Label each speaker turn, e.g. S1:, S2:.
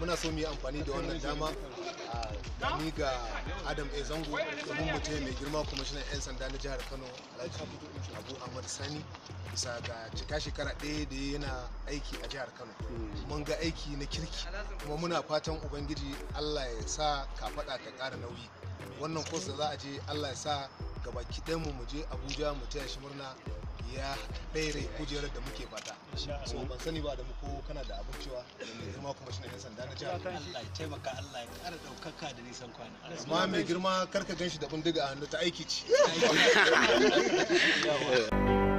S1: muna so mu yi amfani da wannan dama a ni ga adam a zango domin mu mai girma kuma na 'yan sanda na jihar kano alhaji abu ahmad sani bisa ga cika shekara ɗaya da yana aiki a jihar kano mun ga aiki na kirki kuma muna fatan ubangiji allah ya sa ka kafaɗa ka ƙara nauyi wannan kos da za a je allah ya sa gabaki ɗayan mu je abuja mu taya shi murna ya ɗaire kujerar da muke fata so ban sani ba da mu ko kana da abin cewa da mai girma kuma shi ne yan sanda na jihar Allah ya taimaka Allah ya ƙara ɗaukaka da nisan kwana amma mai girma karka gan shi da bindiga a hannu ta aiki ce